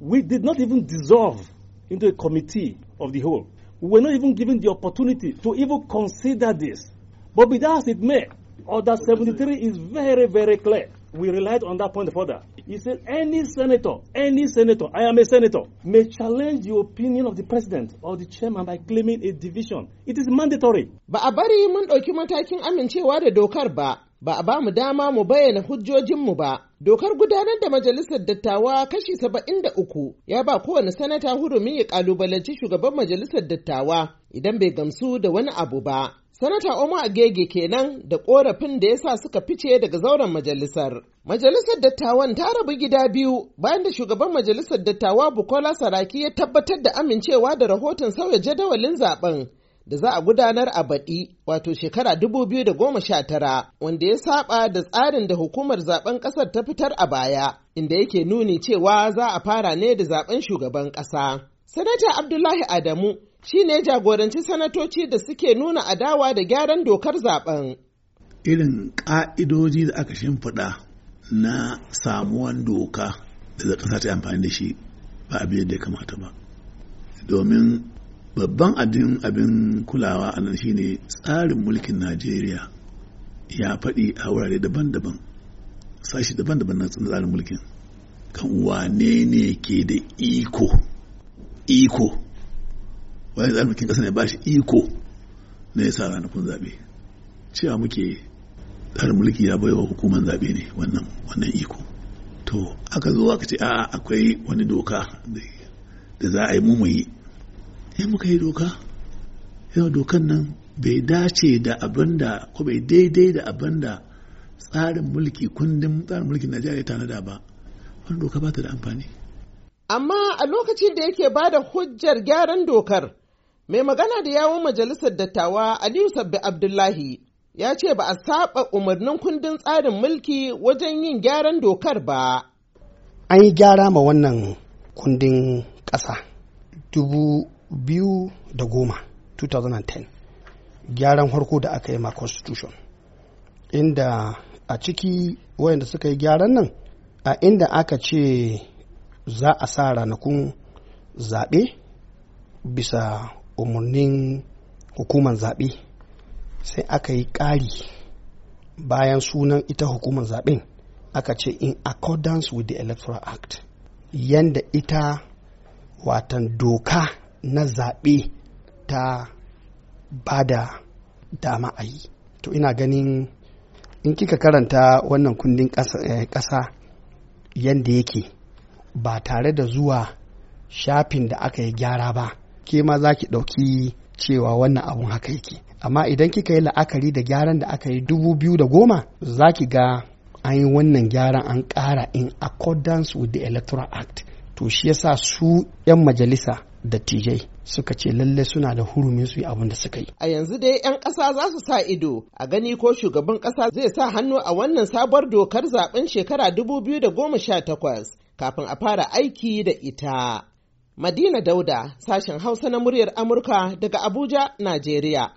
We did not even dissolve into a committee of the whole. We were not even given the opportunity to even consider this. But be that as it may, Order 73 is very, very clear. We relied on that point further. He said, any senator, any senator, I am a senator, may challenge the opinion of the president or the chairman by claiming a division. It is mandatory. But a mun ɗauki matakin amincewa da dokar ba, ba a ba mu dama mu bayyana hujjojinmu ba. Dokar gudanar da majalisar dattawa kashi saba'in da uku ya ba kowane sanata hurumin ya kalubalanci shugaban majalisar dattawa idan bai gamsu da wani abu ba. Sanata Omo Agege kenan da korafin da ya sa suka fice daga zauren majalisar. Majalisar dattawan ta rabu gida biyu bayan da shugaban majalisar dattawa Bukola Saraki ya tabbatar da amincewa da rahoton sauya jadawalin zaben da za a gudanar a baɗi wato shekara 2019 wanda ya saba da tsarin da hukumar zaben ƙasar ta fitar a baya inda yake nuni cewa za a fara ne da zaben shugaban ƙasa. Sanata Abdullahi Adamu shi ne jagoranci sanatoci da suke nuna adawa da gyaran dokar zaben. Irin ƙa'idoji da aka shimfiɗa na samuwan doka da ƙasa ta amfani da shi ba abin da ya kamata ba. Domin babban abin abin kulawa a nan shine tsarin mulkin najeriya ya faɗi a wurare daban-daban sashi daban-daban na tsarin mulkin kan wane ne ke da iko iko wani tsarin mulkin ƙasa ne ba shi iko na ya sa ranakun zaɓe cewa muke tsarin mulki ya baiwa hukuman zaɓe ne wannan iko to aka zo aka ce a akwai wani doka da za a yi mu mu in muka yi doka yau dokan nan bai dace da abin da ko bai daidai da abin da tsarin mulki kundin tsarin mulkin najeriya tanada ba wani doka ba ta da amfani amma a lokacin da yake ba da hujjar gyaran dokar mai magana da yawon majalisar dattawa aliyu sabbi abdullahi ya ce ba a saba umarnin kundin tsarin mulki wajen yin gyaran dokar ba an yi gyara ma wannan kundin ƙasa dubu biyu da goma 2010 gyaran harko da aka yi ma constitution inda a ciki wayanda suka yi gyaran nan a inda aka ce za a sa ranakun zaɓe bisa umarnin hukumar zaɓe sai aka yi ƙari bayan sunan ita hukumar zaɓen aka ce in accordance with the electoral act yanda ita watan doka na zaɓe ta ba da dama a yi to ina ganin in kika karanta wannan kundin ƙasa eh, yadda yake ba tare da zuwa shafin da aka yi gyara ba ke ma za ki ɗauki cewa wannan abun haka yake amma idan kika yi la'akari da gyaran da aka yi dubu biyu da goma za ki ga an yi wannan gyaran an ƙara in accordance with the electoral act to shi yasa su 'yan majalisa dattijai suka ce lalle suna da hurumin su yi abin da suka yi. A yanzu dai 'yan ƙasa za su sa ido a gani ko shugaban ƙasa zai sa hannu a wannan sabuwar dokar zaben shekara 2018 kafin a fara aiki da ita. Madina Dauda, sashen Hausa na muryar Amurka daga Abuja, Najeriya.